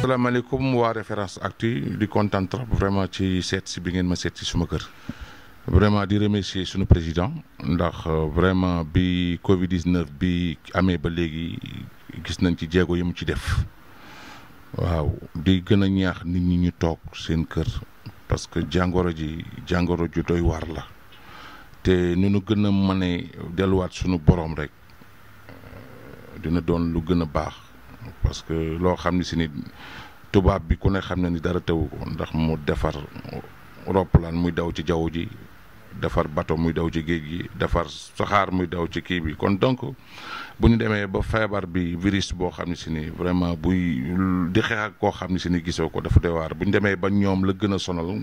asalaamaaleykum waa référence actu di kontaan trop vraiment ci seet bi ngeen ma seet si suma kër vraiment di remercier sunu président ndax euh, vraiment bi Covid 19 bi amee ba léegi gis nañ ci jéego yi mu ci def waaw di gën a ñaax nit ñi ñu toog seen kër parce que jàngoro ji jàngoro ju doy waar la te nu nu gën a mënee delluwaat suñu boroom rek euh, dina doon lu gën a baax. parce que loo xam ne si ni tubaab bi ku ne xam na ni dara tewu ko ndax mu defar roppalaan muy daw ci jaww ji defar bato muy daw ci géej gi defar saxaar muy daw ci kii bi kon donc bu ñu demee ba feebar bi virus boo xam ne si ni vraiment buy di xeex koo xam ne si ni gisoo ko dafa doy waar bu ñu demee ba ñoom la gën a sonal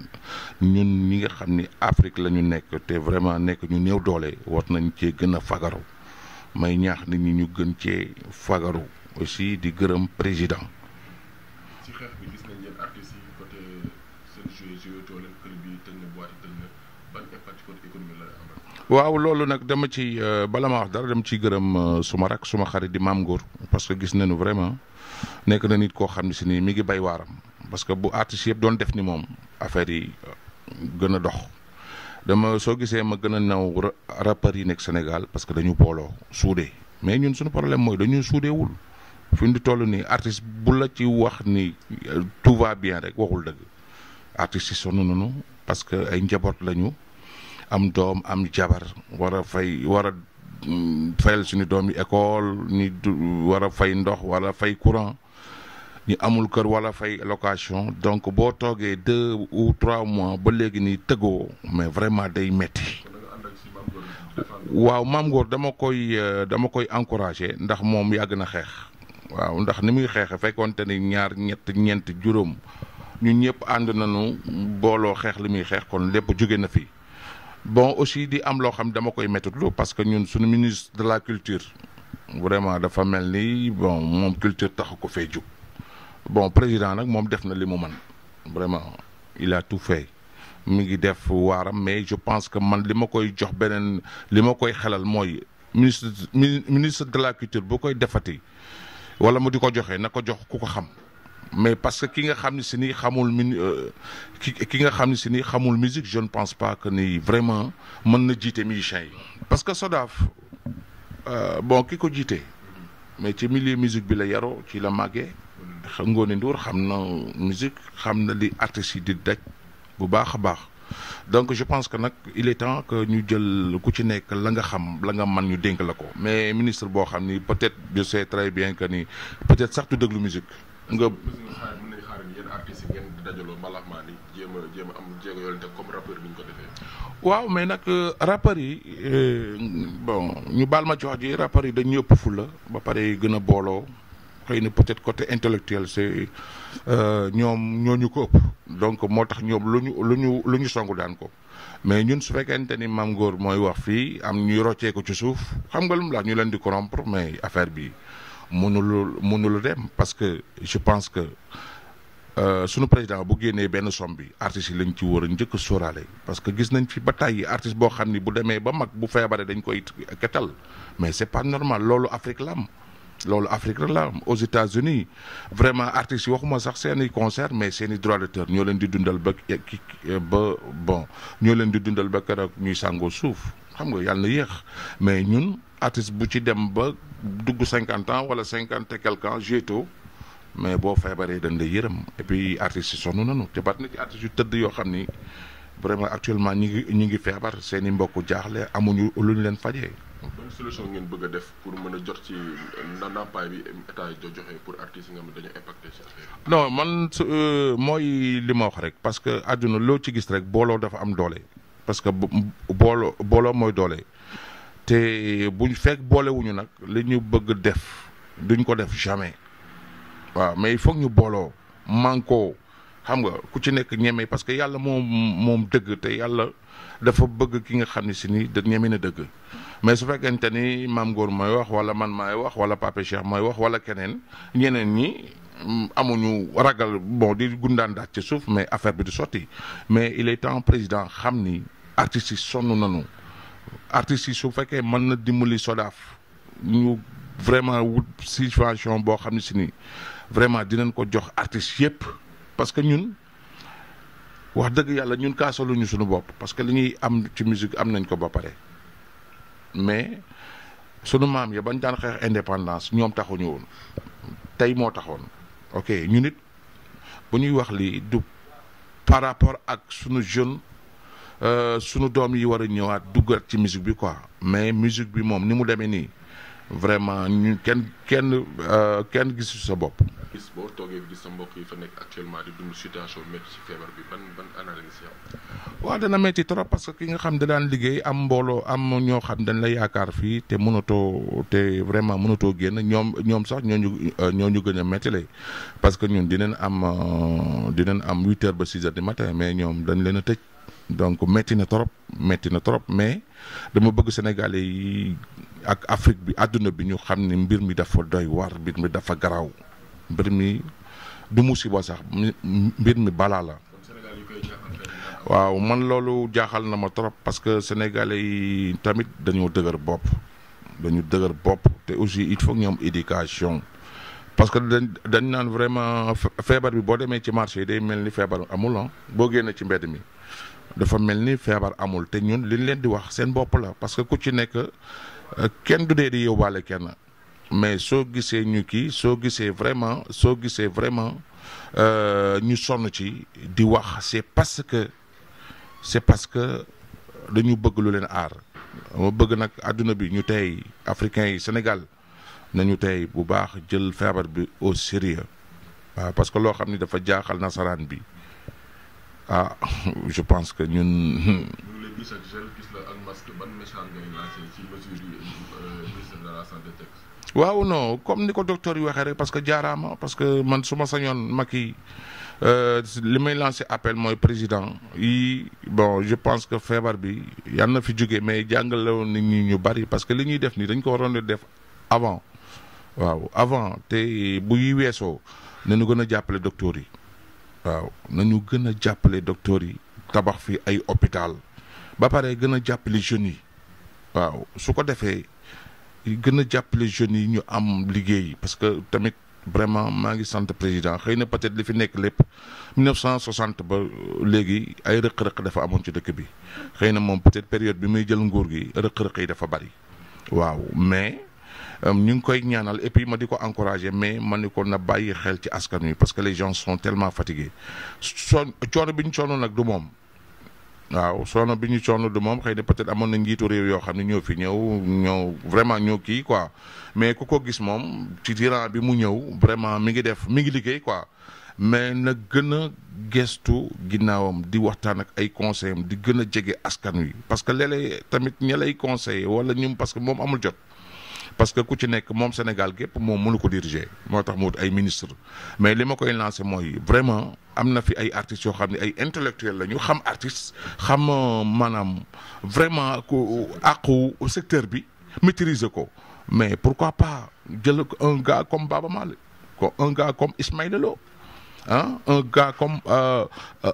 ñun ñi nga xam ni Afrique la ñu nekk te vraiment nekk ñu néew doole war nañ cee gën a fagaru may ñaax nit ñi ñu gën cee fagaru aussi di gërëm président. waaw loolu nag dama ci euh, bala ma wax dara dama ciy gërëm euh, suma rak suma xarit di maam Ngor parce que gis nañu vraiment nekk na nit koo xam ne si nii mi ngi bay waaram parce que bu artistes yëpp doon def nii moom affaire yi euh, gën a dox. dama soo gisee ma gën a naw rappeurs yi nekk Sénégal parce que dañu booloo suudee mais ñun suñu problème mooy dañu suudeewul fi mu toll nii artiste bu la ci wax ni euh, tout va bien rek waxul dëgg artistes yi sonn nañu parce que ay njaboot lañu am doom am jabar war a fay war a mm, fayal suñu doom yi école ñi war a fay ndox wala fay courant ñu amul kër wala fay location donc boo toogee deux ou trois mois ba léegi nii tëggoo mais vraiment day metti waaw maam Ngor dama koy euh, dama koy encourager ndax moom yàgg na xeex waaw ndax ni muy xeexe fekkoonte ni ñaar ñett ñeent juróom ñu ñëpp ànd nañu booloo xeex li muy xeex kon lépp jóge na fi bon aussi di am loo xam dama koy méttitlu parce que ñun suñu ministre de la culture vraiment dafa mel ni bon moom culture taxu ko fee jóg bon président nag moom def na li mu man vraiment il a tout fait mu ngi def waaram mais je pense que man li ma koy jox beneen li ma koy xelal mooy ministre ministre de la culture boo koy defati wala mu di ko joxee na ko jox ku ko xam mais parce que ki nga xam ne si ni xamul min euh, ki ki nga xam ne si ni xamul musique je ne pense pas que ni vraiment mën na jiite musiciens yi. parce que Sodaaf euh, bon ki ko jiite mais ci milieu musique bi la yaroo ci la màggee Ngoné Ndour xam na musique xam na li artistes di daj bu baax a baax. donc je pense que nag il est temps que ñu jël ku ci nekk la nga xam la nga man ñu dénk la ko mais ministre boo xam ni peut-être je sais très bien que ni peut-être sax du déglu musique nga. waaw mais nag euh, rappeurs yi euh, bon ñu baal ma ci wax ji rappeurs yi dañ ëpp fula ba pare gën a booloo. xëy na peut-être côté intellectuel c'est euh, ñoom ñooñu ko ëpp donc moo tax ñoom lu ñu lu ñu lu ñu songu daan ko mais ñun su fekkente ni maam Ngor mooy wax fii am ñuy roccee ko ci suuf xam nga lu mu la ñu leen di corrompre mais affaire bi mënul lu dem parce que je pense que euh, sunu président bu génnee benn somme bi artistes yi lañ ci war a njëkk a sóoraale parce que gis nañ fi ba tàyyi artiste boo xam ni bu demee ba mag bu feebaree dañ koy ketal mais c'est pas normal loolu Afrique la loolu Afrique rek la am aux États-Unis vraiment artistes yi waxuma sax seeni i concert mais seen i droit d'auteur ñoo leen di dundal ba ki ba bon ñoo leen di dundal ba keroog ñuy sàngoo suuf xam nga yàlla na yéex mais ñun artiste bu ci dem ba dugg cinquante ans wala cinquante et quelque ans jeto mais boo feebaree dañ la yërëm et puis artistes yi sonn te bat na ci artistes yu tëdd yoo xam ni vraiment actuellement ñu ngi ñi ngi feebar seen i mbokk jaaxle amuñu lu ñu leen fajee solution ngeen bëgg def pour mën a jot ci ndàmpaay bi état joxe pour artistes yi man su euh, mooy li ma wax rek parce que àdduna loo ci gis rek booloo dafa am doole parce que booloo booloo mooy doole te buñ fekk boolewuñu nag li ñu bëgg def duñ ko def jamais waaw mais il ñu booloo mànkoo xam nga ku ci nekk ñeme parce que yàlla moom moom dëgg te yàlla dafa bëgg ki nga xam ne si ni da ñeme na dëgg mais su fekkente ni maam góor mooy wax wala man maay wax wala Pape Cheikh mooy wax wala keneen ñeneen ñi mm, amuñu ragal bon di gundaan daaj ci suuf mais affaire bi du sotti mais il est temps président xam ni artistes yi sonn nanu artistes si su fekkee mën na dimbali sodaaf ñu vraiment wut situation boo xam ne si ni vraiment dinañ ko jox artistes yëpp. parce que ñun wax dëgg yàlla ñun kaasaluñu suñu bopp parce que li ñuy am ci musique am nañ ko ba pare mais sunu maam ya bañ daan xeex indépendance ñoom taxuñu woon tey moo taxoon ok ñun it bu ñuy wax lii du par rapport ak sunu jeune euh, sunu doom yi war a ñëwaat duggaat ci musique bi quoi mais musique bi moom ni mu demee nii. vraiment ñu kenn kenn euh, kenn gisu sa bopp. gis boo toogee gis sa mbokk yi fa nekk actuellement di dund situation métti ci feebar bi ban ban analyse yow. waaw dana métti trop parce que ki nga xam da daan liggéey am mbooloo am ñoo xam dañ la yaakaar fii te mënatoo te vraiment mënatoo génn ñoom ñoom sax ñoo ñu euh, gën a métti lay parce que di dinañ am di euh, dinañ am huit heures ba six heures matin mais ñoom dañ leen a tëj. donc métti na trop métti na trop mais dama bëgg Sénégalais ak Afrique bi àdduna bi ñu xam ne mbir mi dafa doy war mbir mi dafa garaaw mbir mi du musiba sax mbir mi balaa la. waaw man loolu jaaxal na ma trop parce que sénégalais yi tamit dañoo dëgër bopp dañu dëgër bopp te aussi il faut ñoom am éducation parce que dañ dañ naan vraiment feebar bi boo demee ci marché yi day mel ni feebar amul ah, boo génnee ci mbedd mi dafa mel ni feebar amul te ñun liñ leen di wax seen bopp la parce que ku ci nekk kenn du dee di yóbbaale kenn mais soo gisee ñu kii soo gisee vraiment soo gisee vraiment euh, ñu sonn ci di wax c'est parce que c'est parce que dañu bëgg lu leen aar ma bëgg nag àdduna bi ñu tey africains yi Sénégal nañu tey bu baax jël feebar bi au sérieux parce que loo xam ni dafa jaaxal nasaraan bi ah pense que ñun gis ak euh, waaw non comme ni ko docteur yi waxee rek parce que jaaraama parce que man su ma sañoon Macky euh, li may lancé appel mooy président yi bon je pense que feebar bi yal na fi jóge mais jàngale woon nit ñi ñu bari parce que li ñuy def nii dañ ko waroon a def avant waaw avant te buy weesoo nañu gën a jàppale docteur yi waaw nañu gën a jàppale docteur yi tabax fi ay hôpital ba pare gën a jàppale jeunes yi waaw su ko defee gën a jàppale jeunes yi ñu am liggéey parce que tamit vraiment maa ngi sant président xëy na peut-être li fi nekk lépp 1960 ba léegi ay rëq-rëq dafa amoon ci dëkk bi xëy na moom peut-être période bi muy jël nguur gi rëq-rëq yi dafa bari waaw mais euh, ñu ngi koy ñaanal et puis ma di ko encourager mais ma ni ko na bàyyi xel ci askan wi parce que les gens sont tellement fatigués soo coono bi ñu coono nag du moom. waaw sonn bi ñu sonn du moom xëy na peut-être amoon na njiitu réew yoo xam ne ñoo fi ñëw ñoo vraiment ñëw kii quoi mais ku ko gis moom ci diran bi mu ñëw vraiment mi ngi def mi ngi liggéey quoi mais na gën a gestu ginnaawam di waxtaan ak ay conseil di gën a jege askan wi parce que léeg tamit ña lay conseillé wala ñum parce que moom amul jot parce que ku ci nekk moom Sénégal gépp moom mënu ko diriger moo tax mu wut ay ministre mais li ma koy lancé mooy vraiment am na fi ay artistes yoo xam ne ay intellectuels la ñu xam artistes xam euh, maanaam vraiment ku àqu secteur bi maîtriser ko mais pourquoi pas jël un gars comme Baba Maal ko un gars comme Ismaïla Lo ah un ga comme euh,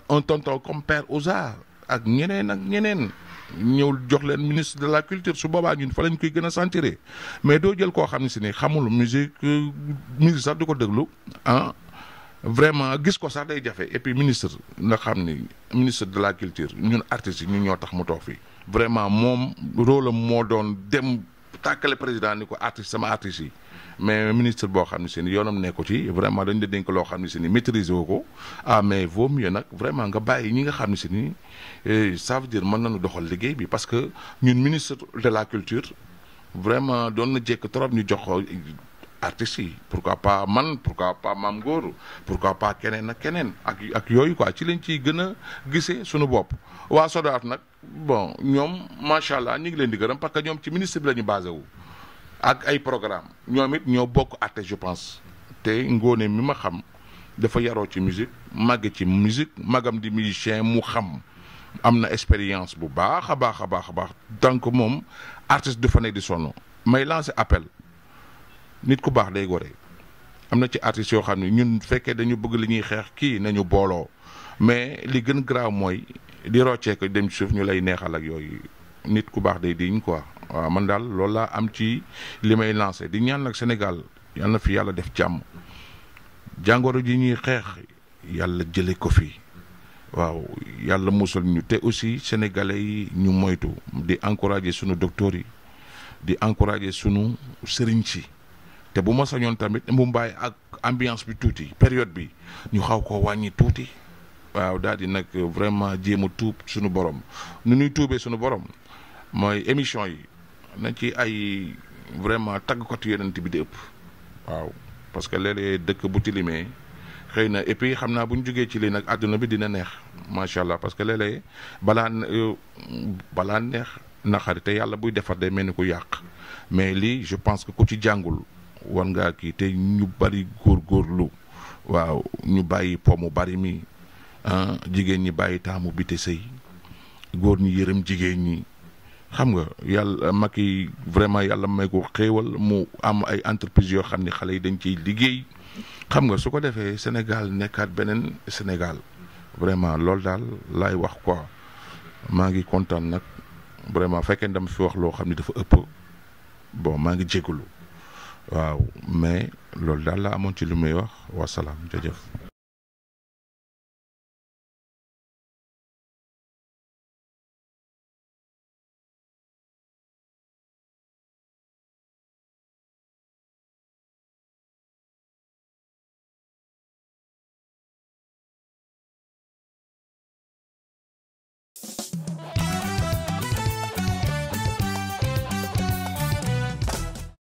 un tonton comme Père Ouzar ak ñeneen ak ñeneen ñëw jox leen ministre de la culture su boobaa ñun fa lañ koy gën a sentir mais doo jël koo xam ni si ne xamul musique euh, musique sax du ko déglu ah vraiment gis ko sax day jafe et puis ministre nga xam ni ministre de la culture ñun artistes yi ñun ñoo tax mu toog fii vraiment moom rôle am moo doon dem tàkkale président ni ko artiste sama artistes yi mais ministre boo xam ne si ni yoonam nekku ci vraiment dañ la dénk loo xam ne si ni maîtriser wu ko ah mais vaut mieux nag vraiment nga bàyyi ñi nga xam ne si ni eh, ça veut dire mën nañu doxal liggéey bi parce que ñun ministre de la culture vraiment doon na jekk trop ñu jox artistes yi pourquoi pas man pourquoi pas maam Góoru pourquoi pas keneen ak keneen ak ak yooyu quoi ci lañ ciy gën a gisee suñu bopp waa Sodaat nag bon ñoom macha allah ñu ngi leen di gërëm parce que ñoom ci ministre bi la ñu ak ay programme ñoom it ñoo bokk artiste je pense te ngóone mi ma xam dafa yaroo ci musique ci musique magam di musicien mu xam am na expérience bu baax a baax a baax a baax donc moom artiste du fa nekk di sonn may lancer appel nit ku baax day gore am na ci artistes yoo xam ne ñun fekkee dañu bëgg li ñuy xeex kii nañu booloo mais li gën graaw mooy di roccee dem ci suuf ñu lay neexal ak yooyu nit ku baax day diñ quoi waaw man daal loolu laa am ci li may lancé di ñaan nag Sénégal yal na fi yàlla def jàmm jàngoro ji ñuy xeex yàlla jële ko fi waaw yàlla musal ñu te aussi sénégalais yi ñu moytu di encourager sunu docteurs yi di encourager sunu sëriñ si te bu ma sañoon tamit mu mbaay ak ambiance bi tuuti période bi ñu xaw ko wàññi tuuti waaw daal di nag vraiment jéem a tuub suñu borom nu ñuy tuubee suñu borom mooy émission yi na ci ay vraiment tàggkatu yonent bi di ëpp waaw parce que léeg dëkk bu tilimee xëy na et puis xam naa bu ñu jógee ci lii nag àdduna bi dina neex macha allah parce que léeg-léeg balaa euh, balaa neex naxari te yàlla buy defar day mel ni ku yàq mais lii je pense que ku ci jàngul war ngaa kii te ñu bari góor góorgóorlu waaw ñu bàyyi po mu bari mi ah, jigéen ñi bàyyi taamu bi te sëy góor ñi yërëm jigéen ñi xam nga yàlla Macky vraiment yàlla may ko xéewal mu am ay entreprise yoo xam ne xale yi dañ ciy liggéey xam nga su ko defee Sénégal nekkaat beneen Sénégal vraiment loolu daal laay wax quoi maa ngi kontaan nag vraiment fekkee ndam fi wax loo xam ne dafa ëpp bon maa ngi jégalu. waaw mais loolu daal laa amoon ci lu muy wax wasalaam jërëjëf